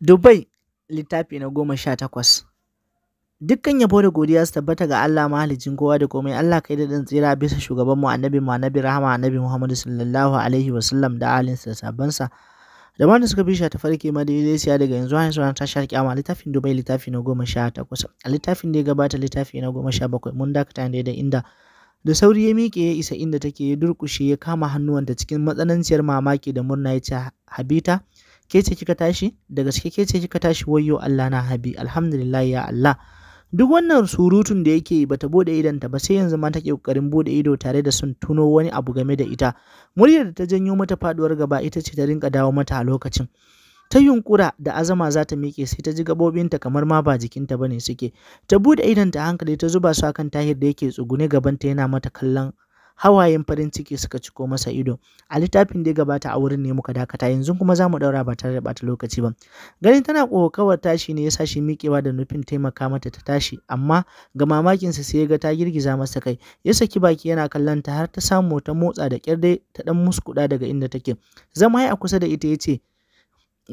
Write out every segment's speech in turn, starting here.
Dubai littafi na goma sha takwas Dukkan yabo da godiya su tabbata ga Allah mahalicin kowa da komai Allah kai da dan tsira bisa shugaban mu annabi mu annabi rahama annabi Muhammadu sallallahu alaihi sallam da sa da sabansa da wanda suka bi shi ta farke ma daidai siya daga yanzu har ta tashar kyama littafin Dubai littafi na goma sha takwas a littafin da ya gabata littafi na goma sha bakwai mun dakata ne da inda da sauri ya miƙe ya isa inda take ya durƙushe ya kama hannuwanta cikin matsananciyar mamaki da murna ya ce Habita ke ce kika tashi da gaske ke ce kika tashi wayyo Allah na habi alhamdulillah ya Allah duk wannan surutun da yake bata bude idonta ba sai yanzu ma take kokarin bude ido tare da sun tuno wani abu game da ita muryar da ta janyo mata faduwar gaba ita ce ta rinka dawo mata a lokacin ta yunkura da azama za ta miƙe sai ta ji gabobinta kamar ma ba jikinta bane suke ta bude idonta hankali ta zuba su akan tahir da yake tsugune gabanta yana mata kallon hawayen farin ciki suka ciko masa ido a littafin da ya gabata a wurin ne muka dakata yanzu kuma za mu daura ba tare da bata lokaci ba ganin tana kokawar tashi ne ya sa shi miƙewa da nufin taimaka mata ta tashi amma ga mamakinsa sai ya ga ta girgiza masa kai ya saki baki yana kallon ta har ta samu ta motsa da kyar dai ta dan muskuda daga inda take zama ya a kusa da ita ya ce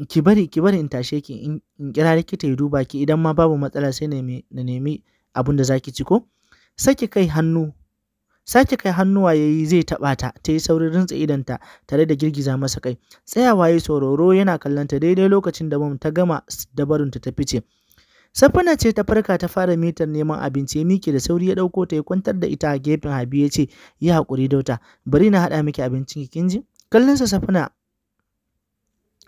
ki bari ki bari in tashe ki in kira likita ya duba ki idan ma babu matsala sai na nemi abin da zaki ci ko saki kai hannu sake kai hannuwa ya yi zai taɓa ta ta yi saurin rintsa idanta tare da girgiza masa kai tsayawa ya sauraro yana kallon ta daidai lokacin da bam ta gama dabarun ta fice Safina ce ta farka ta fara mitar neman abinci ya miƙe da sauri ya ɗauko ta ya kwantar da ita a gefen Habi ya ce yi haƙuri dauta bari na haɗa miki abincin kin ji kallon sa Safina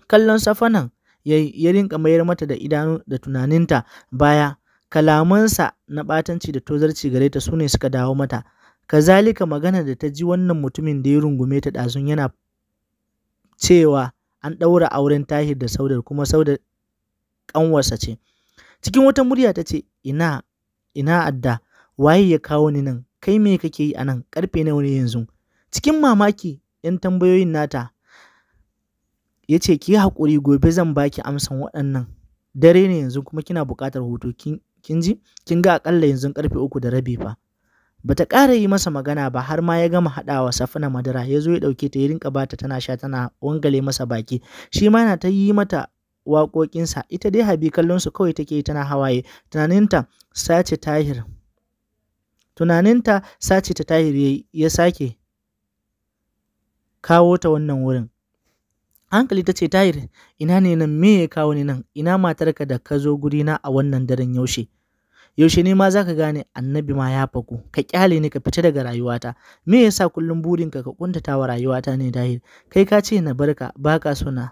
kallon Safanan ya, rinka mayar mata da idanu da tunaninta baya kalamansa na ɓatanci da tozarci gare ta sune suka dawo mata Kazalika magana da ta ji wannan mutumin da ya rungume ta ɗazun yana cewa an ɗaura auren Tahir da Saudar kuma Saudar ƙanwarsa ce. Cikin wata murya ta ce, Ina, ina adda, waye ya kawo ni nan, kai me kake yi a nan, ƙarfe nawa ne yanzu? Cikin mamaki, ‘yan tambayoyin nata, ya ce, Ki haƙuri gobe zan baki amsan waɗannan. Dare ne yanzu kuma kina buƙatar hutu, kin ji? Kin ga aƙalla yanzu ƙarfe uku da rabi fa. bata ƙara yi masa magana ba har ma ya gama haɗawa safina madara ya zo ya ɗauke ta ya rinka bata tana sha tana wangale masa baki shi ma yana ta yi mata waƙoƙinsa ita dai habi su kawai take tana hawaye tunaninta sace tahir tunaninta sace ta tahir ya sake kawo ta wannan wurin hankali ta ce tahir ina ne nan me ya kawo ni nan ina matarka da ka zo gurina a wannan daren yaushe yaushe ne ma zaka gane annabi ma ya faku ka kyale ni ka fita daga rayuwata me yasa kullum burinka ka kuntata wa rayuwata ne dahil kai ka ce na barka baka sona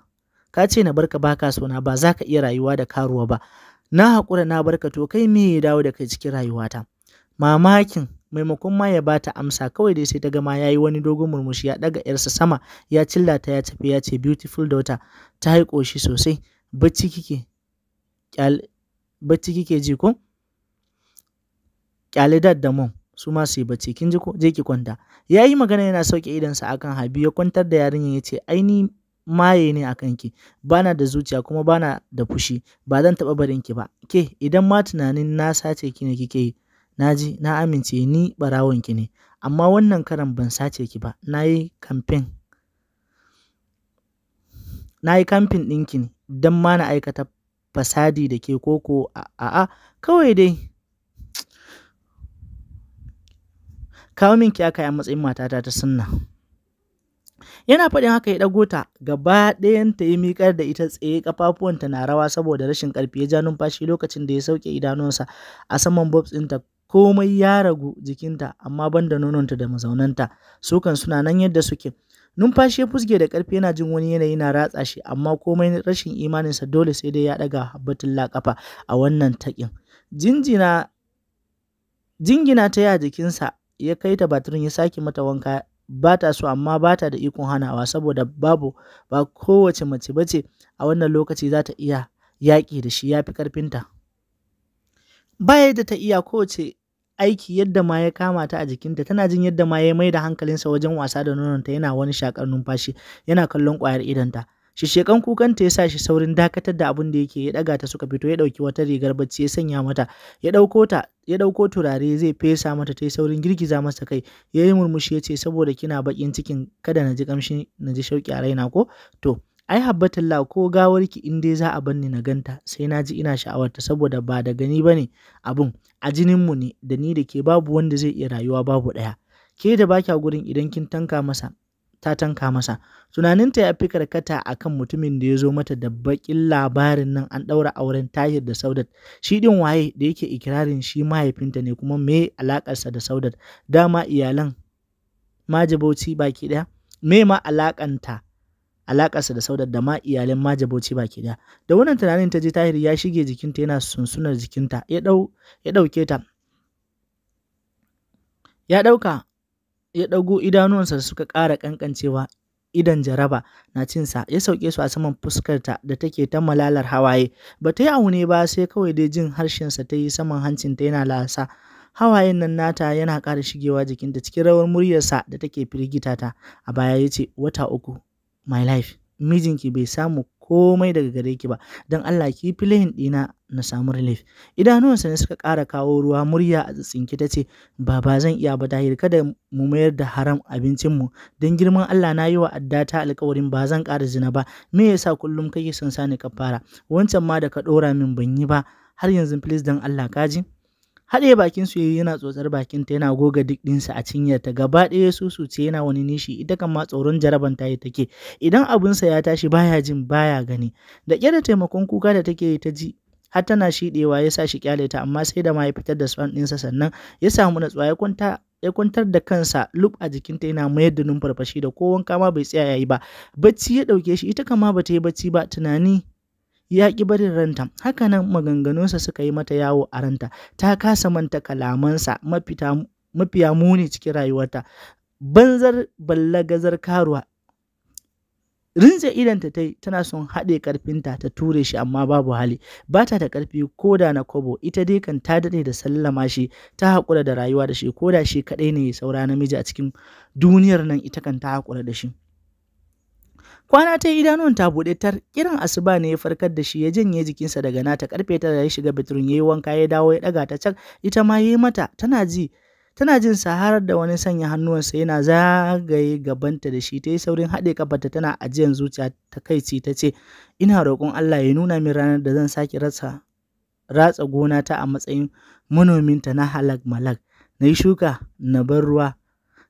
ka ce na barka baka sona ba za ka iya rayuwa da karuwa ba na hakura na barka to kai me ya dawo da kai cikin rayuwata mamakin maimakon ma ya ba amsa kawai dai sai ta gama ya yi wani dogon murmushi ya ɗaga yarsa sama ya cilla ta ya tafi ya ce beautiful daughter ta yi koshi sosai bacci kike bacci kike ji ko kyale dad da mom su ma su yi bacci kin ji ko je ki kwanta ya yi magana yana sauke idansa akan habi ya kwantar da yarinyar ya ce aini maye ne akan ki bana da zuciya kuma bana da fushi ba zan taɓa barin ki ba ke idan ma tunanin na sace ki ne kike yi naji na amince ni barawon ki ne amma wannan karan ban sace ki ba na yi kamfen na yi kamfen ɗinki ne don ma na aikata fasadi da ke koko a'a kawai dai kawo min kiyaka a matsayin matata ta sunna yana faɗin haka ya ɗago ta gaba ɗayan ta yi miƙar da ita tsaye ƙafafuwanta na rawa saboda rashin ƙarfi ya ja numfashi lokacin da ya sauke idanunsa a saman bobs ɗinta komai ya ragu jikinta amma ban da nononta da mazaunanta sukan suna nan yadda suke numfashi ya fusge da ƙarfi yana jin wani yanayi na ratsa shi amma komai rashin imaninsa dole sai dai ya ɗaga habbatin laƙafa a wannan taƙin jinjina jingina ta a jikinsa ya kai ta batirin ya sake mata wanka ba ta so amma ba ta da ikon hanawa saboda babu ba kowace mace bace a wannan lokaci za ta iya yaƙi da shi ya fi ƙarfinta ba yadda ta iya kowace aiki yadda ma ya kama ta a jikinta tana jin yadda ma ya mai da hankalinsa wajen wasa da nononta yana wani shakar numfashi yana kallon ƙwayar idanta Shishekan kukanta ya sa shi saurin dakatar da abin da yake ya daga ta suka fito ya ɗauki wata rigar bacci ya sanya mata ya ɗauko ta ya dauko turare zai fesa mata ta yi saurin girgiza masa kai ya yi murmushi ya ce saboda kina bakin cikin kada na ji ƙamshi na ji shauƙi a raina ko to ai habbatalla ko gawarki in dai za a banni na ganta sai na ji ina sha'awarta saboda ba da gani bane abun a jininmu ne da ni da ke babu wanda zai iya rayuwa babu ɗaya ke da bakya gurin idan kin tanka masa ta tanka masa. Tunaninta ya fi karkata a kan mutumin da ya zo mata da baƙin labarin nan an ɗaura auren Tahir da Saudat. Shi din waye da yake ikirarin shi mahaifinta ne kuma me alakarsa da Saudat. Dama iyalan majabauci baki daya Me ma alakanta alakarsa da Saudat da ma iyalan majabauci baki ɗaya. Da wannan tunanin ta je Tahir ya shige jikinta yana sunsunar jikinta ya dauke ta. Ya ɗauka ya ɗago idanuwansa suka ƙara ƙanƙancewa idan jaraba na cinsa ya sauke su a saman fuskarta da take ta malalar hawaye ba ta yi ne ba sai kawai dai jin harshensa ta yi saman hancinta yana lasa hawayen nan nata yana ƙara shigewa jikinta cikin rawar muryarsa da take firgita ta a baya ya ce wata uku my life mijinki bai samu komai daga gare ki ba don Allah ki filayin ɗina na samu relief idanuwansa ne suka ƙara kawo ruwa murya a tsinki ta ce ba zan iya ba dahir kada mu mayar da haram abincinmu don girman Allah na yi wa addata alkawarin ba zan ƙara zina ba me yasa kullum kake son sani ka fara wancan ma da ka ɗora min ban yi ba har yanzu please dan Allah kaji haɗe bakin su yana tsotsar bakin ta yana goga duk ɗinsa a cinyar ta gaba ɗaya ce yana wani nishi ita kan ma tsoron jaraban ta yi take idan abinsa ya tashi baya jin baya gani da da taimakon kuka da take ta ji har tana shiɗewa ya sa shi ƙyale ta amma sai da ma ya fitar da swan ɗinsa sannan ya samu natsuwa ya ya kwantar da kansa lub a jikinta yana mayar da numfarfashi da ko wanka ma bai tsaya yayi ba bacci ya ɗauke shi ita kama ta yi bacci ba tunani ya ƙi barin ranta hakanan maganganunsa suka yi mata yawo a ranta ta kasa manta kalamansa mafiya muni cikin rayuwarta banzar ballagazar karuwa rinze idanta ta yi tana son haɗe ƙarfinta ta ture shi amma babu hali bata da ƙarfi ko da na kobo ita dai kan ta daɗe da sallama shi ta haƙura da rayuwa da shi ko da shi kaɗai ne saura namiji a cikin duniyar nan ita kan ta haƙura da shi Kwana ta idanun ta buɗe tar, kiran asuba ne ya farkar da shi ya janye jikinsa daga nata karfe tara ya shiga bitrun ya yi wanka ya dawo ya ɗaga ta can ita ma ya yi mata tana ji tana jin saharar da wani sanya hannuwansa yana zagaye gabanta da shi ta yi saurin haɗe kafarta tana ajiyan zuciya ta kai ci ta ce ina roƙon Allah ya nuna min ranar da zan sake rasa ratsa gona ta a matsayin manominta na halak malak na yi shuka na bar ruwa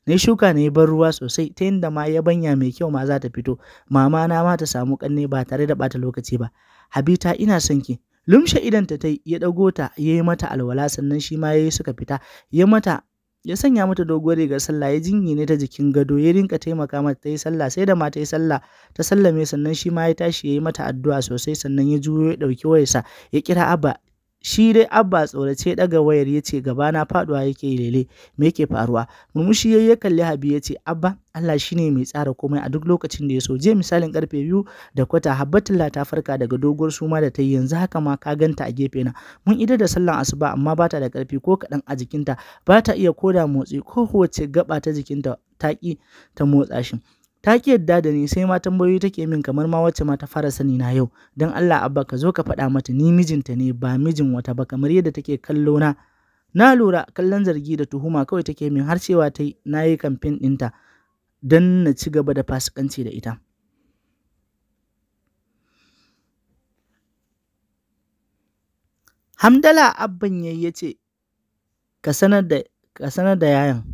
Na yi shuka na yi ban ruwa sosai ta yadda ma yabanya mai kyau ma za ta fito, mama na ma ta samu kanne ba tare da bata lokaci ba. Habita ina son ki. Lumshe idan ta ya ɗago ta ya yi mata alwala sannan shi ma ya yi suka fita ya mata ya sanya mata doguwar rigar sallah ya ne ta jikin gado ya rinka taimaka mata ta yi sallah sai da ma ta yi sallah ta sallame sannan shi ma ya tashi ya yi mata addu'a sosai sannan ya juyo ya ɗauki wayarsa ya kira abba Shi dai Abba tsorace daga wayar ya ce gaba na faduwa yake lele me yake faruwa. Murmushi yayi ya kalli Habi ya ce Abba Allah shine mai tsara komai a duk lokacin da ya so. Je misalin karfe biyu da kwata Habbatullah ta farka daga doguwar suma da ta yi yanzu haka ma ka ganta a gefe na. Mun ida da sallan asuba amma bata da karfi ko kaɗan a jikinta bata iya koda motsi ko kowace gaba ta jikinta ta ƙi ta motsa shi. ta ki yadda da ni sai ma tambayoyi take min kamar ma wacce ma ta fara sani na yau dan Allah abba ka zo ka faɗa mata ni mijinta ne ba mijin wata ba kamar yadda take kallo na na lura kallon zargi da tuhuma kawai take min har cewa ta na yi kamfen ɗinta don na ci gaba da fasikanci da ita hamdala abban yayi ya ce ka sanar da yayan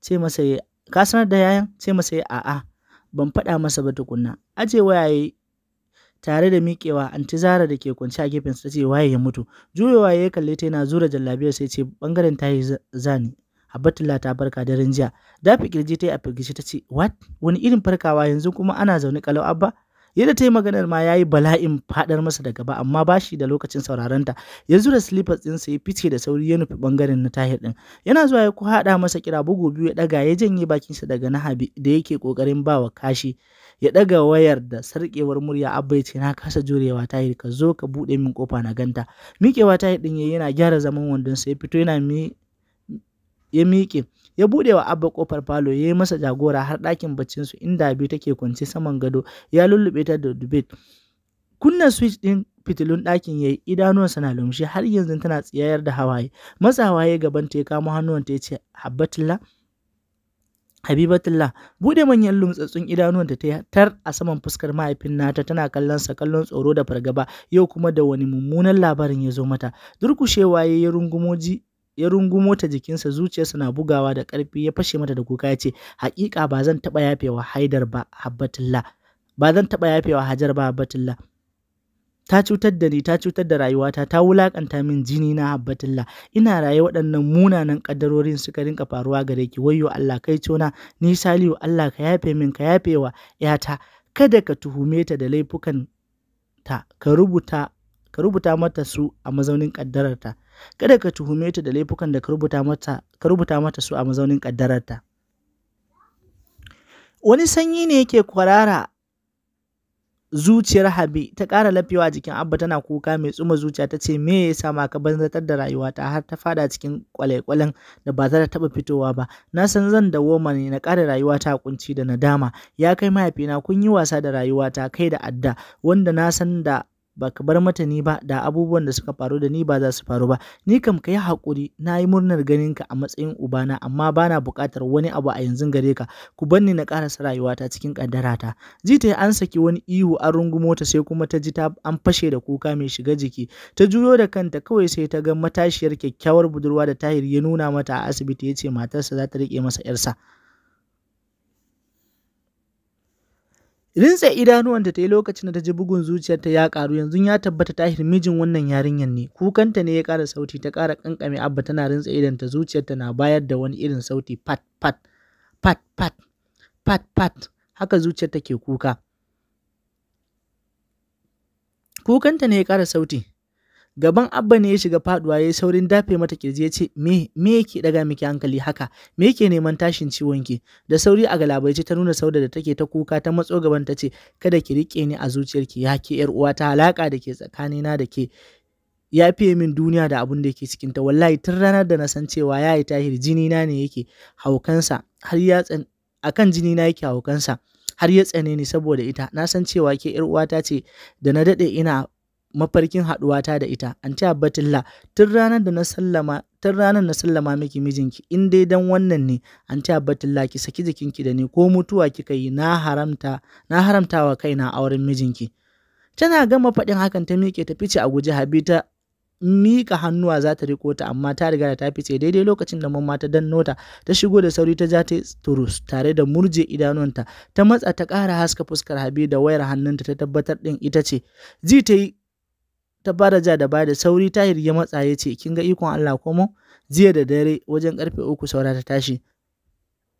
ce masa ka sanar da yayan ce masa a'a ban faɗa masa ba tukunna aje wayaye tare da miƙewa anti zara da ke kwance a gefen ta ce waye ya mutu juyowa ya kalle ta yana zura jallabiyar sai ce bangaren ta yi zani Habbatullah ta barka daren jiya dafi kirji ta yi a firgice ta ce what wani irin farkawa yanzu kuma ana zaune kalau abba yadda ta yi maganar ma ya yi bala'in faɗar masa da gaba amma ba shi da lokacin sauraron sauraronta yanzu da slippers sa ya fice da sauri ya nufi ɓangaren na tahir ɗin yana zuwa ya haɗa masa kira bugu biyu ya daga ya janye bakinsa daga na habi da yake kokarin ba wa kashi ya daga wayar da sarƙewar murya abba ya ce na kasa jurewa tahir ka zo ka buɗe min kofa na ganta miƙewa tahir ɗin yana gyara zaman wandon sa ya fito yana mi ya miƙe ya buɗe wa abba kofar falo ya yi masa jagora har ɗakin su inda biyu take kwance saman gado ya lullube ta da dubit kunna switch ɗin fitilun ɗakin ya yi idanuwansa na lumshi har yanzu tana tsiyayar da hawaye masa hawaye gaban ta ya kamo ta ya ce habbatullah Habibatullah bude manyan lumtsatsun idanuwanta ta tar a saman fuskar mahaifin nata tana kallon sa kallon tsoro da fargaba yau kuma da wani mummunan labarin ya zo mata durkushewa ya yi rungumoji ya rungumo ta jikinsa zuciyarsa na bugawa da ƙarfi ya fashe mata da kuka ya ce haƙiƙa ba zan taɓa yafewa haidar ba habbatullah ba zan taɓa yafewa hajar ba habbatullah ta cutar da ni ta cutar da rayuwata ta wulaƙanta min jini na habbatullah ina raye waɗannan munanan ƙaddarorin suka rinka faruwa gare ki wayyo Allah kai cona ni saliyu Allah ka yafe min ka yafewa yata kada ka tuhume ta da laifukan ta ka rubuta ka rubuta mata su a mazaunin kaddararta kada ka tuhume ta da laifukan da ka rubuta mata su a mazaunin kaddararta wani sanyi ne yake kwarara zuciyar Habi ta ƙara lafewa jikin Abba tana kuka mai tsuma zuciya ta ce me ya ma ka banzatar da rayuwata har ta fada cikin kwale-kwalen da ba za ta taɓa fitowa ba na san zan dawoma ne na ƙara rayuwata kunci da nadama ya kai mahaifina kun yi wasa da rayuwata kai da adda wanda na san da ba ka bar mata ni ba da abubuwan da suka faru da ni ba za su faru ba ni kam ka yi haƙuri na yi murnar ganin ka a matsayin ubana amma bana buƙatar wani abu a yanzu gare ka ku bar ni na ƙarasa rayuwata cikin ƙaddara ta. ji ta an saki wani ihu an rungumo ta sai kuma ta ji ta an fashe da kuka mai shiga jiki ta juyo da kanta kawai sai ta ga matashiyar kyakkyawar budurwa da tahir ya nuna mata a asibiti ya ce matarsa za ta riƙe masa 'yarsa. Rintse idanuwan ta yi lokacin da ta ji bugun zuciyarta ya karu yanzu ya tabbata tahir mijin wannan yarinyar ne. Kukanta ne ya ƙara sauti ta kara ƙanƙame abba tana rintse idanta zuciyarta na bayar da wani irin sauti pat pat pat pat pat pat haka zuciyarta ke kuka. Kukanta ne ya ƙara sauti gaban abba ne ya shiga faduwa ya saurin dafe mata kirji ya ce me me yake daga miki hankali haka me yake neman tashin ciwon ki da sauri a galabaice ta nuna sauda da take ta kuka ta matso gaban ta ce kada ki rike ni a zuciyarki ya ke yar uwa ta alaka da ke tsakanina da ke ya fiye min duniya da abun da yake cikin ta wallahi tun ranar da na san cewa ya yi tahir jini na ne yake haukansa har ya tsan akan jini na yake haukansa har ya tsane ni saboda ita na san cewa ke yar uwata ce da na dade ina mafarkin haɗuwata da ita anti abbatilla tun ranar da na sallama tun ranar na sallama miki mijinki in dai dan wannan ne anti abbatilla ki saki jikinki da ni ko mutuwa kika yi na haramta na haramtawa kaina auren mijinki tana gama faɗin hakan ta miƙe ta fice a guje habi ta miƙa hannuwa za ta riko ta amma ta riga da ta fice daidai lokacin da mamma ta danno ta ta shigo da sauri ta ja ta turus tare da murje idanunta ta matsa ta ƙara haska fuskar habi da wayar hannunta ta tabbatar ɗin ita ce ji ta yi ta fara ja da baya da sauri tahir ya matsa ya ce kin ga ikon Allah mu jiya da dare wajen karfe uku saura ta tashi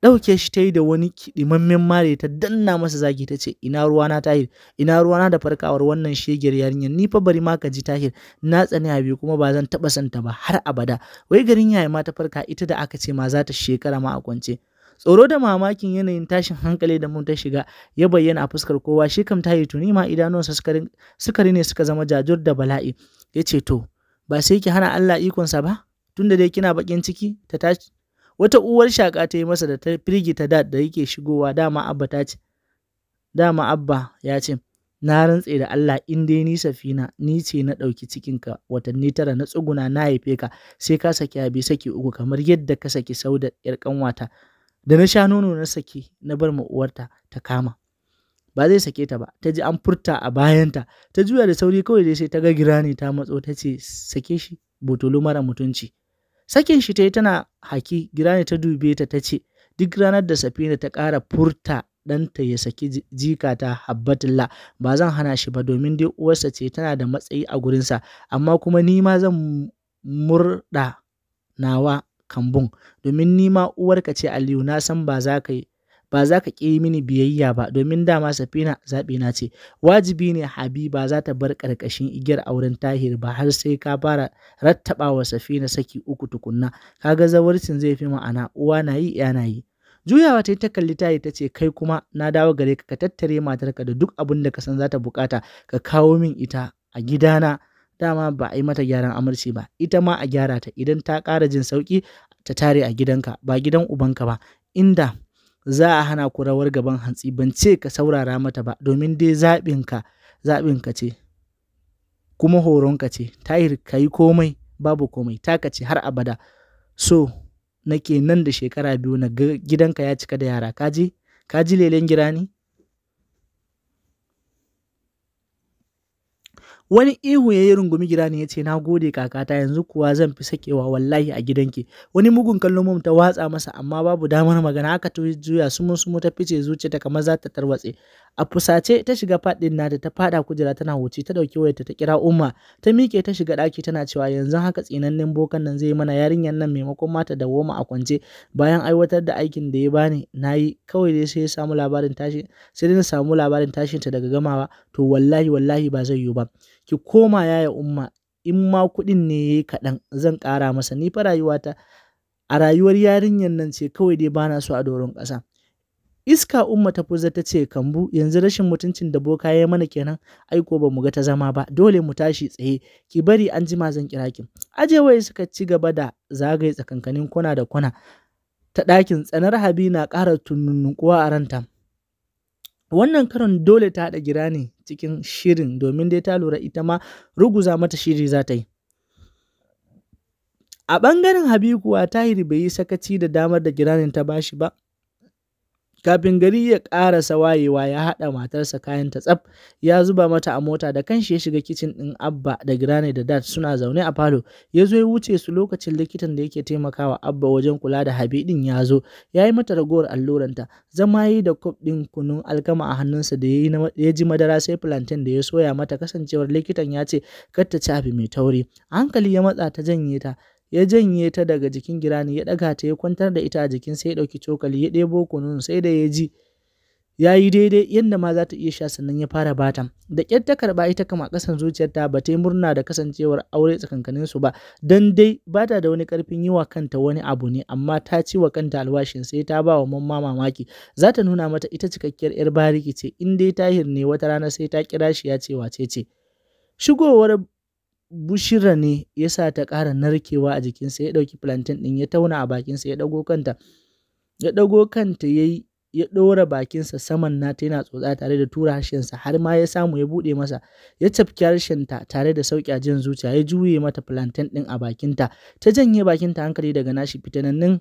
ɗauke shi ta yi da wani kiɗimammen mare ta danna masa zagi ta ce ina ruwana tahir ina ruwana da farkawar wannan shegiyar yarinyar ni fa bari ma ka ji tahir na tsani abi kuma ba zan taɓa santa ba har abada wai garin yaya ma ta farka ita da aka ce ma za ta shekara ma a kwance Tsoro da mamakin yanayin tashin hankali da mun ta shiga ya bayyana a fuskar kowa shi kam ta yi tuni ma idanunsa sukari ne suka zama jajur da bala'i. Ya ce to, ba sai ki hana Allah ikonsa ba, tunda dai kina bakin ciki ta tashi. Wata uwar shaka ta yi masa da ta firgita dad da yake shigowa dama abba ta ce. Dama abba ya ce, na rantse da Allah in dai ni safina ni ce na ɗauki cikinka watanni tara na tsuguna na haife ka sai ka saki abi saki uku kamar yadda ka saki sauda yar kanwata da na sha nono na sake na bar ma uwarta ta kama ba zai sake ta ba ta ji an furta a bayanta ta juya da sauri kawai dai sai ta ga ne ta matso ta ce sake shi botolo mara mutunci sakin shi ta yi tana haki girani ta dube ta ta ce duk ranar da safina ta ƙara furta ɗanta ya saki jika ta, habbatulla ba zan hana shi ba domin dai uwarsa ce tana da matsayi a gurinsa amma kuma ni ma zan murɗa nawa kambun, domin ni ma uwarka ce Aliyu na san ba za ka yi. Ba za ka ƙi mini biyayya ba domin dama safina zaɓi na ce, wajibi ne Habiba za ta bar ƙarƙashin igiyar auren tahir ba har sai ka fara rattaba wa safina saki uku tukunna, ga zawarcin zai fi ma'ana uwa na yi ya na yi. juyawa ta yi ta kalli tayi ta ce kai kuma na dawo gare ka ka tattare matarka da duk abin da ka san za ta bukata ka kawo min ita a gidana dama ba a yi mata gyaran amarci ba ita ma a gyara ta idan ta kara jin sauki ta tare a gidanka ba gidan ubanka ba inda za a hana ku rawar gaban hantsi ban ce ka saurara mata ba domin dai zaɓinka zaɓinka ce kuma horonka ce tahir ka yi komai babu komai taka ce har abada so nake nan da shekara biyu na gidanka ya cika da yara kaji kaji lelen girani wani ihu ya yi rungumi gida ne ya ce na gode kakata yanzu kuwa zan fi sakewa wallahi a gidanki wani mugun kallon mum ta watsa masa amma babu damar magana aka ta juya su sumu ta fice zuciya ta kamar za ta tarwatse a fusace ta shiga faɗin nata ta faɗa kujera tana huci ta ɗauki wayarta ta kira umma ta mike ta shiga ɗaki tana cewa yanzu haka tsinannen bokan nan zai mana yarinyar nan maimakon mata da woma a kwance bayan aiwatar da aikin da ya bani nayi kawai dai sai ya samu labarin tashi sai dai na samu labarin tashin ta daga gamawa to wallahi wallahi ba zai yiwu ba ki koma yaya umma in ma kuɗin ne yayi kaɗan zan ƙara masa ni fa rayuwata a rayuwar yarinyar nan ce kawai dai bana so a doron ƙasa Iska umma ta fuza ta ce kambu yanzu rashin mutuncin da boka ya mana kenan aiko ba mu ga ta zama ba dole mu tashi tsaye ki bari an jima zan kira ki. Ajewai suka ci gaba da zagaye tsakankanin kwana da kwana ta ɗakin tsanar habi na ƙara kuwa a ranta. Wannan karon dole ta haɗa gira ne cikin shirin domin dai ta lura ita ma ruguza mata shiri za ta yi. A ɓangaren Habi kuwa Tahir bai yi sakaci da damar da giranin ta bashi ba, Kafin gari ya ƙarasa wayewa ya haɗa matarsa kayanta tsaf ya zuba mata a mota da kanshi ya shiga kicin ɗin Abba da Granny da Dad suna zaune a falo. Ya zo ya wuce su lokacin likitan da yake taimakawa Abba wajen kula da Habi ɗin ya zo. Ya yi mata ragowar alluranta. Zama yi da kwaf ɗin kunun alkama a hannunsa da ya ji madara sai plantain da ya soya mata kasancewar likitan ya ce kar ta ci abu mai tauri. A hankali ya matsa ta janye ta ya janye ta daga jikin girani ya ɗaga ta ya kwantar da ita a jikin sai ya ɗauki cokali ya ɗebo kunun sai da ya ji ya yi daidai yadda ma za ta iya sha sannan ya fara bata da ƙyar ta karɓa ita kama ƙasan zuciyarta ba ta yi murna da kasancewar aure tsakankanin su ba don dai ba ta da wani ƙarfin yi wa kanta wani abu ne amma ta ci wa kanta alwashin sai ta ba wa mamma mamaki za ta nuna mata ita cikakkiyar yar bariki ce in dai ta hirne wata rana sai ta kira shi ya ce wace ce shigowar Bushira ne ya sa ta ƙara narkewa a jikinsa ya ɗauki plantain ɗin ya tauna a bakinsa ya ɗago kanta ya ɗago kanta ya yi ya ɗora bakinsa saman nata yana tsotsa tare da tura harshensa har ma ya samu ya buɗe masa ya cafki harshenta tare da sauƙi a jin zuciya ya juye mata plantain ɗin a bakinta ta janye bakinta hankali daga nashi fitanannin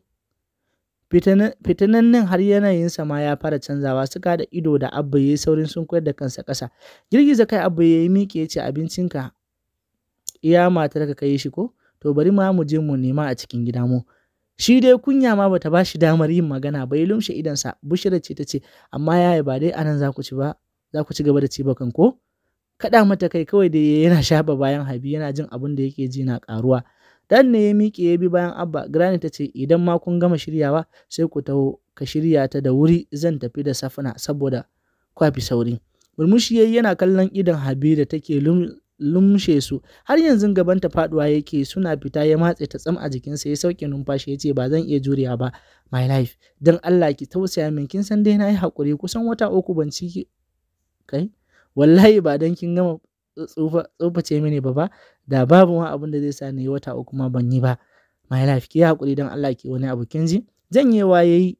fitanannin har yanayinsa ma ya fara canzawa suka da ido da abba ya yi saurin sun koyar da kansa ƙasa girgiza kai abba ya yi miƙe ya ce abincinka iya matar ka kai shi ko to bari ma mu je mu nema a cikin gida mu shi dai kunya ma bata ba shi damar yin magana ba ya lumshe sa, bushira ce ta ce amma yaya ba dai anan za ku ci ba za ku ci gaba da ci ba kan ko kaɗa mata kai kawai da yana shafa bayan habi yana jin abin da yake ji na ƙaruwa dan ne ya miƙe ya bi bayan abba granny ta ce idan ma kun gama shiryawa sai ku taho ka shirya ta da wuri zan tafi da safina saboda kwafi sauri murmushi yayi yana kallon idan habi da take lumshe su har yanzu gaban ta faduwa yake suna fita ya matse ta tsam a sa ya sauke numfashi yace ce ba zan iya juriya ba my life don Allah ki tausaya min kin san dai na yi hakuri kusan wata uku ban ci kai wallahi ba dan kin gama tsoface mini ba ba da babu wani abin da zai sa ni wata uku ma ban yi ba my life ki hakuri don Allah ki wani abu kin ji yi yayi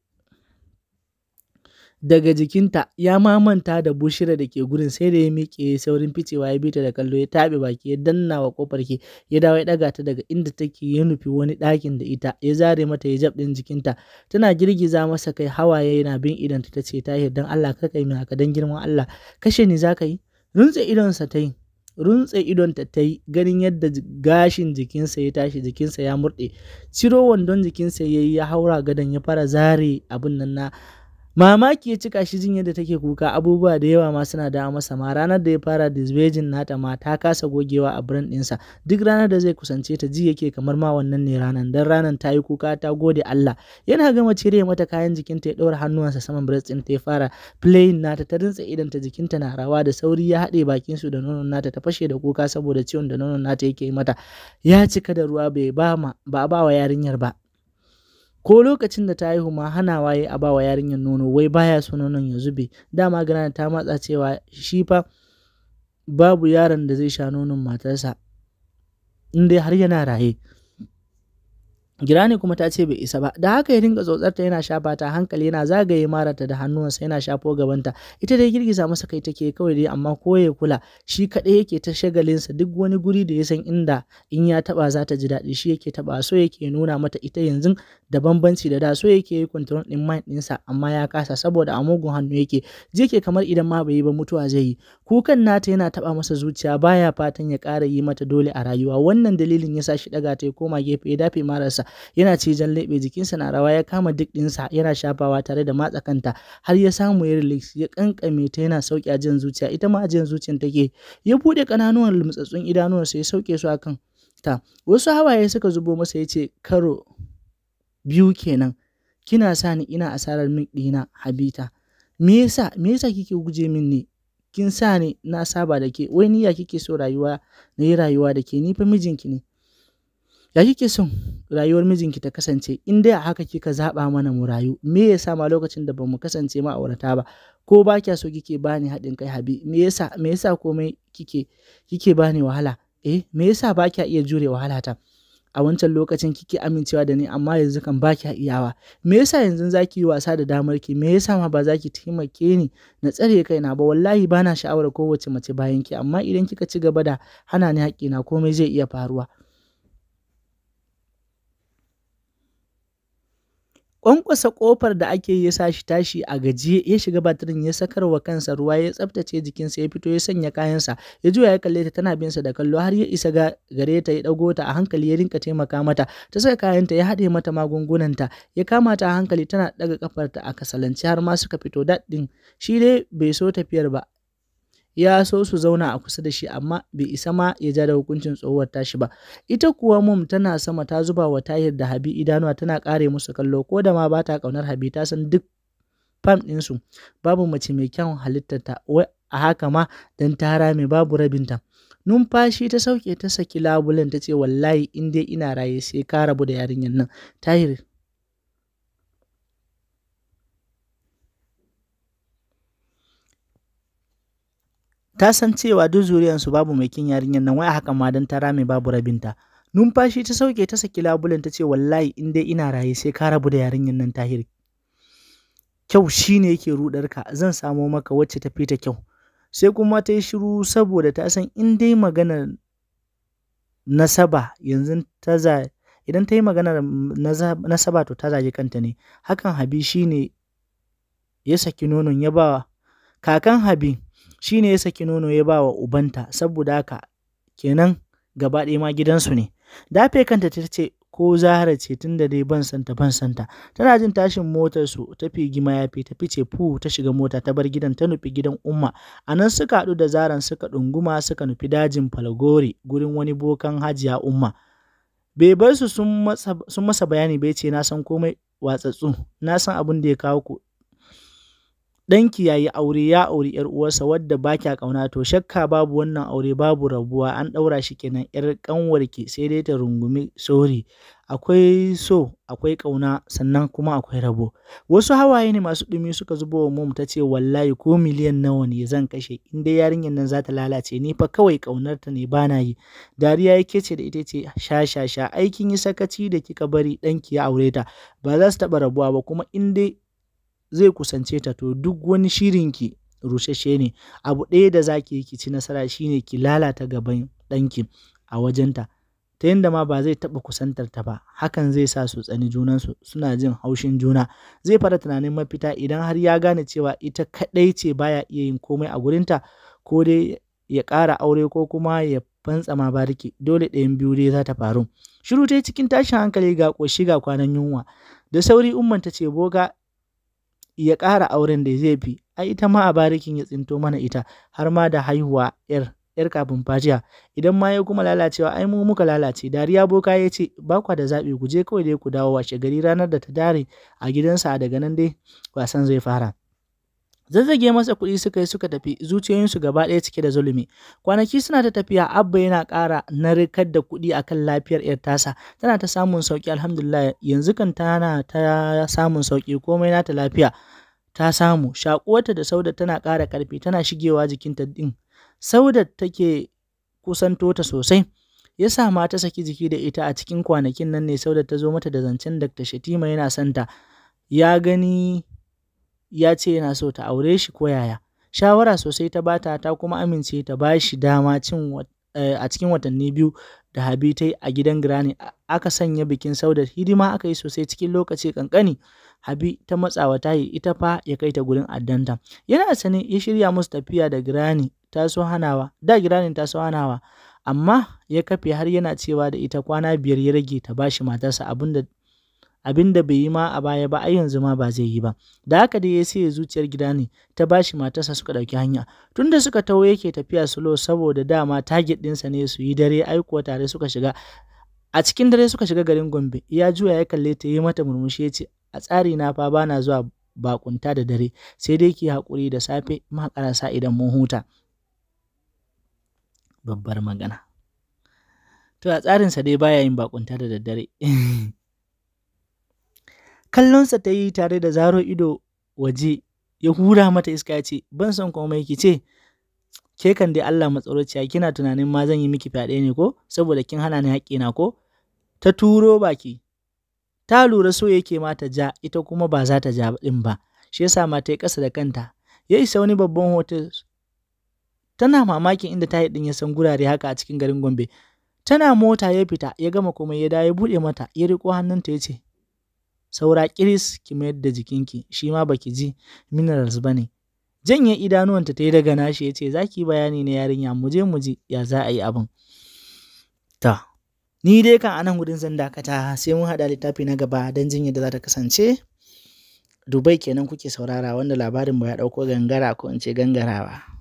daga jikinta ya mamanta da bushira da ke gurin sai da ya miƙe saurin ficewa ya bita da kallo ya taɓe baki ya danna wa kofar ke ya dawo ya ɗaga ta daga inda take ya nufi wani ɗakin da ita ya zare mata hijab ɗin jikinta tana girgiza masa kai hawaye yana bin idanta ta ce tahir dan Allah ka yi min haka dan girman Allah kashe ni ka yi runtse idonsa ta yi runtse idonta ta yi ganin yadda gashin jikinsa ya tashi jikinsa ya murɗe ciro wandon jikinsa ya yi ya haura gadon ya fara zare abin nan na Mamaki ya cika shi jin yadda take kuka abubuwa da yawa ma suna da masa ma ranar da ya fara disbejin nata ma ta kasa gogewa a brand ɗinsa duk ranar da zai kusance ta ji yake kamar ma wannan ne ranar dan ranar ta yi kuka ta gode Allah yana gama cire mata kayan jikinta ya ɗaura hannuwansa saman breast ɗin ta ya fara playing nata ta rintsa idan ta jikinta na rawa da sauri ya haɗe bakin su da nonon nata ta fashe da kuka saboda ciwon da nonon nata yake mata ya cika da ruwa bai ba ma ba ba wa yarinyar ba ko lokacin da ta haihu ma hana waye a bawa yarinyar nono wai baya so nonon ya zube dama gana ta matsa cewa shi fa babu yaron da zai sha nonon matarsa in har yana raye Girani kuma ta ce bai isa ba, da haka ya dinga tsotsarta yana shafa ta hankali yana zagaye marata da hannuwansa yana shafo gabanta. Ita dai girgiza masa kai take kawai dai amma ko ya kula shi kaɗai yake ta shagalinsa duk wani guri da ya san inda in ya taɓa za ta ji daɗi shi yake taɓa so yake nuna mata ita yanzu da bambanci da da so yake yi control ɗin mind ɗinsa amma ya kasa saboda a mugun hannu yake je ke kamar idan ma bai yi ba mutuwa zai yi. Kukan nata yana taɓa masa zuciya baya fatan ya ƙara yi mata dole a rayuwa wannan dalilin ya sa shi ɗaga ta ya koma gefe ya dafe marasa yana cizon leɓe jikinsa na rawa ya kama duk ɗinsa yana shafawa tare da matsa kanta har ya samu ya relax ya kankame ta yana sauki jin zuciya ita ma ajiyar zuciyar take ya buɗe ƙananuwan lumtsatsun idanuwansa ya sauke su akan ta wasu hawaye suka zubo masa ya ce karo biyu kenan kina sani ina asarar min ɗina habita me yasa me yasa kike guje min ne kin sa ni na saba da ke wai niyya kike so rayuwa na yi rayuwa da ke ni fa mijinki ne ya kike son rayuwar mijinki ta kasance in dai a haka kika zaɓa mana mu rayu me yasa ma lokacin da bamu kasance ma aurata ba ko ba kya so kike bani haɗin kai habi me yasa me yasa komai kike kike bani wahala eh me yasa ba kya iya jure wahala ta a wancan lokacin kike amincewa da ni amma yanzu kan ba kya iyawa me yasa yanzu zaki yi wasa da damar ki me yasa ma ba za ki taimake ni na tsare kaina ba wallahi bana sha'awar kowace mace bayan ki amma idan kika ci gaba da hana ni haƙƙina komai zai iya faruwa Ƙwanƙwasa ƙofar da ake yi ya sa shi tashi a gaji ya shiga batirin ya sakar wa kansa ruwa ya tsaftace jikinsa ya fito ya sanya kayansa ya juya ya kalle ta tana bin sa da kallo har ya isa ga gare ta ya ɗago ta a hankali ya rinka taimaka mata ta saka kayanta ya haɗe mata magungunanta ya kama ta a hankali tana ɗaga kafarta a kasalanci. har ma suka fito daɗin shi dai bai so tafiyar ba ya so su zauna a kusa da shi amma bai isa ma ya ja da hukuncin tsohuwar tashi ba ita kuwa mum tana sama ta zuba wa tahir da habi idanuwa tana kare musu kallo ko da ma ba ta kaunar habi ta san duk fam ɗinsu babu mace mai halittar ta, wai a haka ma dan ta rame babu rabinta numfashi ta sauke ta saki labulen ta ce wallahi in dai ina raye sai ka rabu da yarinyar nan tahir ta san cewa duk zuriyarsu babu mai kin yarinyar nan wai haka ma dan ta rame babu rabinta numfashi ta sauke ta saki labulen ta ce wallahi in dai ina raye sai ka rabu da yarinyar nan tahir kyau shine yake rudarka, zan samo maka wacce ta fita kyau sai kuma ta yi shiru saboda ta san in dai magana nasaba yanzu ta za idan ta yi maganar nasaba to ta zagi kanta ne hakan habi shine ya saki nonon ya ba kakan habi shi ne ya saki nono ya ba wa ubanta saboda haka kenan gaba ɗaya ma gidansu ne dafe kanta ta ce ko zahara ce tun da dai ban santa ban santa tana jin tashin motar su ta ya fi, ta fice fu ta shiga mota ta bar gidan ta nufi gidan umma a nan suka haɗu da zaran suka ɗunguma suka nufi dajin falgori gurin wani bokan hajiya umma bai bar su sun masa bayani bai ce na san komai watsatsu na san abin da ya kawo ku ɗanki ya yi aure ya auri ‘yar uwarsa wadda ba kya ƙauna to shakka babu wannan aure babu rabuwa an ɗaura shi kenan ‘yar ƙanwarki sai dai ta rungumi sori akwai so akwai ƙauna sannan kuma akwai rabo wasu hawaye ne masu ɗumi suka zubo wa mum ta ce wallahi ko miliyan nawa ne zan kashe in dai yarinyar nan za ta lalace ni fa kawai ta ne bana yi dariya ya ce da ita ce sha sha sha aikin yi sakaci da kika bari ɗanki ya aure ta ba za su taɓa rabuwa ba kuma in dai zai kusance ta to duk wani shirin shirinki rushashe ne abu ɗaya da zaki yi ki ci nasara shine ki lalata gaban ɗanki a wajenta ta yadda ma ba zai taɓa kusantar ta ba hakan zai sa su tsani junansu suna jin haushin juna zai fara tunanin mafita idan har ya gane cewa ita kaɗai ce baya iya yin komai a gurinta ko dai ya ƙara aure ko kuma ya fantsama bariki dole ɗayan biyu dai za ta faru shiru ta cikin tashin hankali ga ƙoshi ga kwanan yunwa da sauri umman ta ce boga ya ƙara auren da zai fi ai ita ma a barikin ya tsinto mana ita har ma da haihuwa yar yar kafin fajiya idan ma ya kuma lalacewa ai mu muka lalace dariya boka ya ce ba kwa da zaɓi ku je kawai dai ku dawo washe gari ranar da ta dare a gidansa daga nan dai wasan zai fara zazzage masa kuɗi suka yi suka tafi zuciyoyinsu gaba ɗaya cike da zulumi kwanaki suna ta tafiya abba yana ƙara narkar da kuɗi akan lafiyar yar tasa tana ta samun sauki alhamdulillah yanzu kan tana ta samun sauki komai nata lafiya ta samu shakuwarta da sauda tana ƙara ƙarfi tana shigewa jikinta din sauda take kusanto ta sosai ya sa ma saki jiki da ita a cikin kwanakin nan ne sauda ta zo mata da zancen Dr. Shatima yana santa ya gani ya ce yana so ta aure shi ko yaya. Shawara sosai ta bata ta kuma amince ta ba shi dama cin eh, a cikin watanni biyu da Habi ta a gidan girani aka sanya bikin sauda hidima aka yi sosai cikin lokaci kankani Habi ta matsawa ta yi ita fa ya kai ta gurin addanta. Yana sane ya shirya musu tafiya da Granny ta so hanawa, da Granny ta so hanawa, amma ya kafe har yana cewa da ita kwana biyar ya rage ta bashi matarsa abinda abin da bai yi ma a baya ba ai yanzu ma ba zai yi ba da haka dai ya sai zuciyar gida ne ta bashi matarsa suka ɗauki hanya tunda suka taho yake tafiya slow saboda dama target ɗinsa ne su yi dare ai tare suka shiga a cikin dare suka shiga garin gombe ya juya ya kalle ta yi mata murmushi ya ce a tsari na fa bana zuwa bakunta da dare sai dai ki haƙuri da safe ma karasa idan mun huta babbar magana to a tsarinsa dai baya yin bakunta da daddare Kallonsa ta yi tare da zaro ido waje ya hura mata iska ya ce, Ban son komai ki ce, ke kan dai Allah matsaurociya kina tunanin ma zan yi miki fyaɗe ne ko saboda kin hana ni na ko ta turo baki ta lura so yake ma ta ja ita kuma ba za ta ja din ba shi yasa mata ta yi ƙasa da kanta ya isa wani babban hotel tana mamakin inda ta yi ɗin ya san gurare haka a cikin garin Gombe tana mota ya fita ya gama komai ya dawo ya buɗe mata ya riko hannunta ya ce saura Kiris, ki mayar da jikinki shi ma baki ji minerals ba ne janye idanuwanta ta yi daga nashi ya ce za ki bayani na yarinya mu je mu ji ya za a yi abin ta ni dai kan anan gudun zan dakata sai mun haɗa littafi na gaba don jinya yadda za ta kasance dubai kenan kuke saurara wanda labarin ba ya ɗauko gangara ko in ce gangarawa